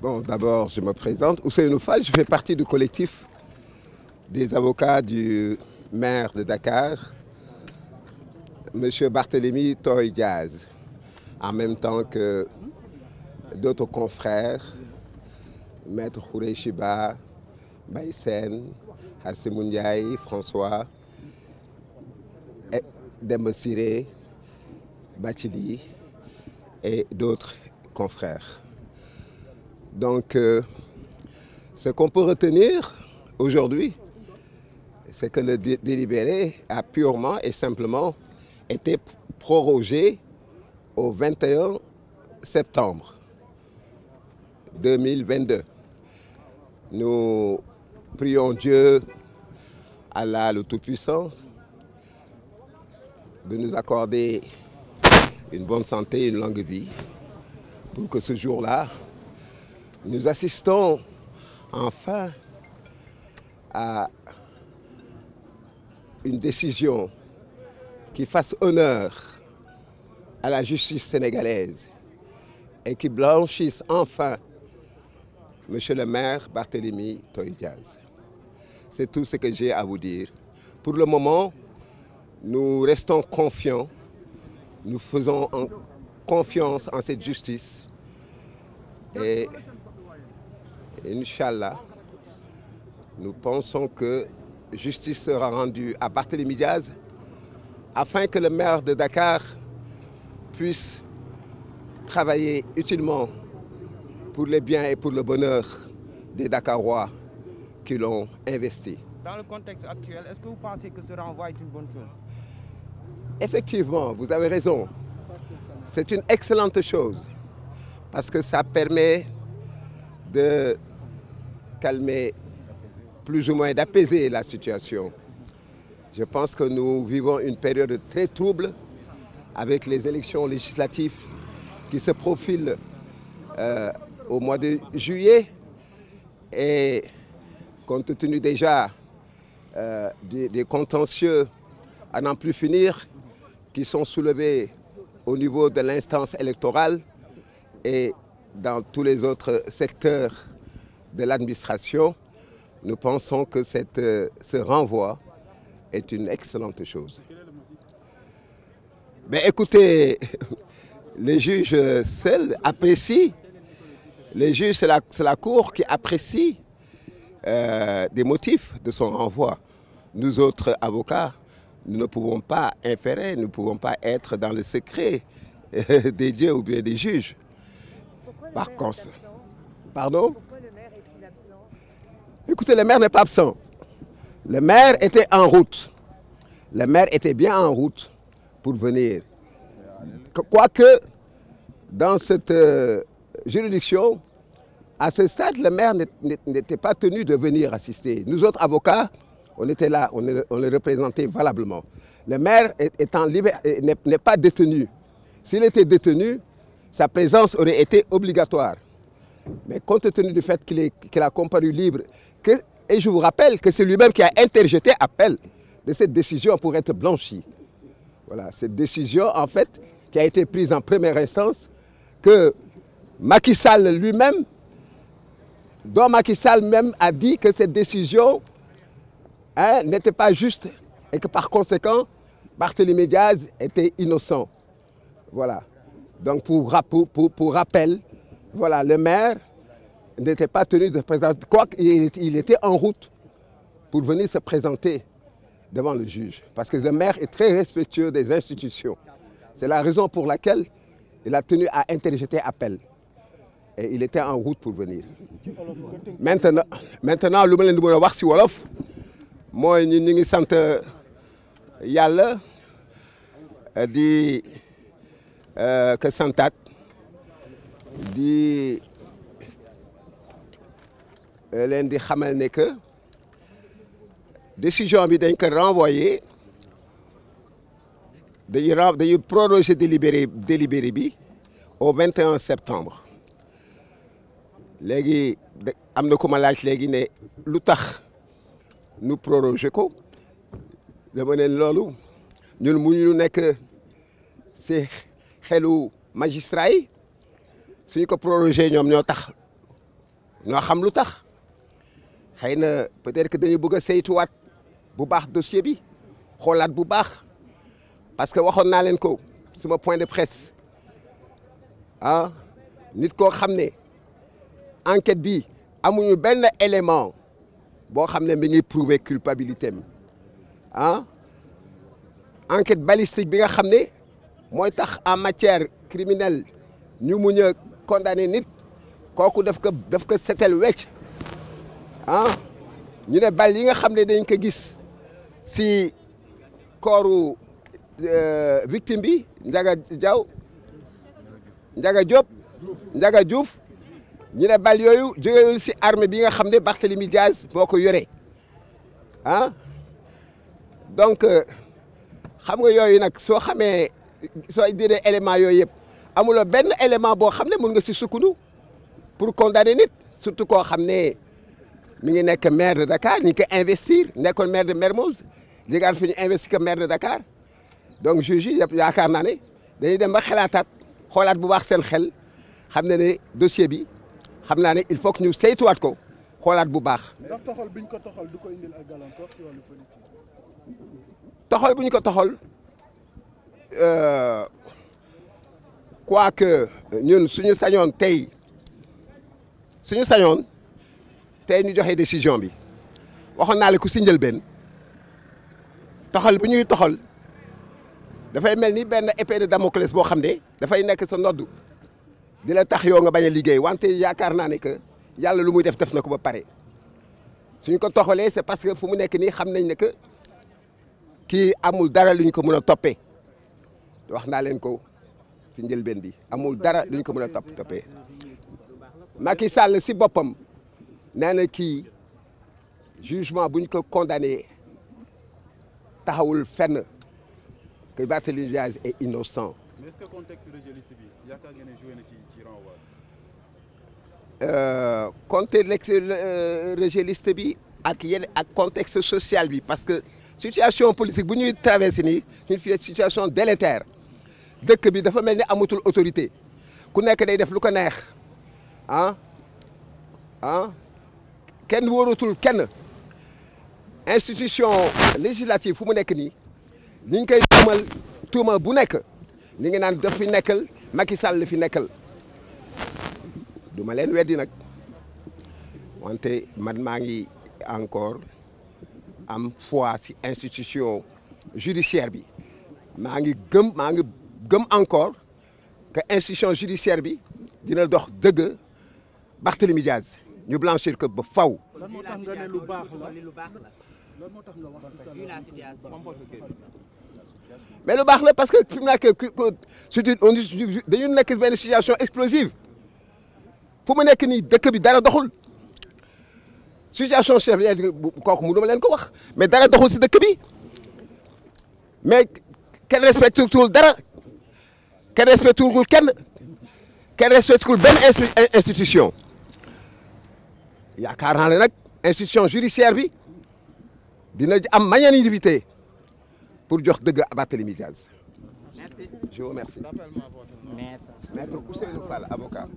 Bon, d'abord, je me présente. Ousseynou Fall, je fais partie du collectif des avocats du maire de Dakar, M. Barthélémy Toy Diaz, en même temps que d'autres confrères, Maître Hureshiba, Baïsen, Hassim François, Dembosiré, Bachidi et d'autres confrères. Donc, euh, ce qu'on peut retenir aujourd'hui, c'est que le dé délibéré a purement et simplement été au 21 septembre 2022. Nous prions Dieu, Allah le Tout-Puissant, de nous accorder une bonne santé, une longue jour-là, Nous assistons enfin à une décision qui fasse honneur à la justice sénégalaise et qui blanchisse enfin Monsieur le maire Barthélémy Toye Dias. C'est tout ce que j'ai à vous dire. Pour le moment, nous restons confiants. Nous faisons en confiance en cette justice et Inch'Allah, nous pensons que justice sera rendue à Barthélémy Diaz afin que le maire de Dakar puisse travailler utilement pour les biens et pour le bonheur des Dakarois qui l'ont investi. Dans le contexte actuel, est-ce que vous pensez que ce renvoi est une bonne chose Effectivement, vous avez raison. C'est une excellente chose parce que ça permet de calmer, plus ou moins d'apaiser la situation. Je pense que nous vivons une période très trouble avec les élections législatives qui se profilent euh, au mois de juillet. Et compte tenu déjà euh, des, des, contentieux à n'en plus finir qui sont soulevés au niveau de l'instance électorale et dans tous les autres secteurs de l'administration, nous pensons que cette, euh, ce renvoi est une excellente chose. Mais écoutez, les juges seuls apprécient, les juges, c'est la, la, Cour qui apprécie euh, des motifs de son renvoi. Nous autres avocats, nous ne pouvons pas inférer, nous ne pouvons pas être dans le secret euh, des dieux ou bien des juges. Par contre, pardon Écoutez, le maire n'est pas absent. Le maire était en route. Le maire était bien en route pour venir. Quoique, dans cette euh, juridiction, à ce stade, le maire n'était pas tenu de venir assister. Nous autres avocats, on était là, on le, représentait valablement. Le maire étant n'est pas détenu. S'il était détenu, sa présence aurait été obligatoire. Mais compte tenu du fait qu'il qu a comparu libre, que, et je vous rappelle que c'est lui-même qui a interjeté appel de cette décision pour être blanchi. Voilà, cette décision, en fait, qui a été prise en première instance, que Macky Sall lui-même, dont Macky Sall même a dit que cette décision n'était hein, pas juste et que par conséquent, Barthélémy Diaz était innocent. Voilà. Donc pour, pour, pour, pour rappel, voilà, le maire n'était pas tenu de présenter, quoiqu'il il était en route pour venir se présenter devant le juge. Parce que le maire est très respectueux des institutions. C'est la raison pour laquelle il a tenu à interjeter appel. Et il était en route pour venir. Maintenant, maintenant lu ma leen di mën a wax ci wolof mooy ñu ñu ngi sant yàlla di euh, que santaat di eh, leen di xamal ne que décision bi dañ ko renvoyer dañuy ren dañuy proroger délibéré délibéré bi au 21 septembre léegi am na ku ma laaj léegi ne lu tax nu proroger ko dama ne loolu ñun mu mënuñu nekk si xelu magistrat suñ ko prorogé ñoom ñoo tax ñoo xam lu tax xëy na peut-être que dañu bugg a seytuwaat bu baax dossier bi xoolaat bu baax parce que waxoon naa leen ko suma point de presse ah nit koo xam ne enquête bi amuñu benn élément boo xam ne mi ngi prouver culpabilité ah enquête balistique bi nga xam ne mooy tax en matière criminelle ñu muñ a condamné nit kooku daf ko daf ko setel wecc ah ñu ne bal yi nga xam ne dañ ko gis si kooru euh, victime bi Ndiaga Diaw njaga Diop njaga Diouf ñu ne bal yooyu jógewul si arme bi nga xam ne Barthélemy Diaz boo ko yore ah donc euh, xam nga yooyu nag soo xamee soo jëlee élément yooyu yëpp amulo benn élément boo xam ne mun nga si sukkandu pour condamner nit surtout koo xam ne mu ngi nekk maire de Dakar ñu ngi investir nekkoon maire de Mermoz Djigar fi ñu investir ko maire de Dakar donc juge yi yaakaar naa ne dañuy dem ba xalaataat xoolaat bu baax seen xel xam ne ne dossier bi xam naa ne il faut ñu seytuwaat ko xoolaat bu baax. ndax toxal bu ñu ko toxol du ko indil ay gàllankoor si wàllu politique. toxal ko toxal. Euh, quoique ñun suñu sañoon tey suñu sañoon tey ñu joxe décision bi waxoon naa la ku si njëlbeen toxal bu ñuy toxal dafay mel ni benn épée de Damoclès boo xam ne dafay nekk sa noddu dina tax yoo nga bañ a liggéey wante yaakaar naa ne que yàlla lu muy def def na ko ba pare suñ ko toxalee c'est parce que fu mu nekk nii xam nañ ne que kii amul dara luñ ko mën a toppee wax naa leen ko. ci njëlbeen bi amul dara lu ñu ko mën a topp toppee Macky Sall si boppam nee na kii jugement bu ñu ko condamné taxawul fenn que Barthélémy Diaz est innocent. mais est que contexte rejet bi yaakaar ngeen euh, euh, bi ak yenn ak contexte social bi parce que situation politique bu ñuy traversé nii ñu fi situation délétère. dëkk bi dafa mel ni amatul autorité ku nekk day def lu ko neex ah ah kenn wóoratul kenn institution législative fu mu nekk nii ni ñu koy tuumal tuuma bu nekk ñu ngi naan daf fi nekkal Macky Sall fi nekkal du duma leen weddi nag wante man maa ngi encore am foi si institution judiciaire bi maa ngi gëm maa ngi gëm encore que institution judiciaire bi dina dox dëgg Barthélemy Diaz ñu blanchir ko ba faw lan moo tax nga ne lu baax la lan moo tax nga wax mais lu baax la parce que fi mu nekk surtout dañu nekk benn situation explosive fu mu nekk nii dëkk bi dara doxul situation chef kooku mënu ma leen ko wax mais dara doxul si dëkk bi mais kenn respecté tul dara kenn respecté wul kenn kenn respecté wul benn institution yaakaar naa ne nag institution judiciaire bi dina am magnanimité pour jox dëgg à Barthélémy Diaz. je vous remercie. Maître Ousseynou Fall avocat.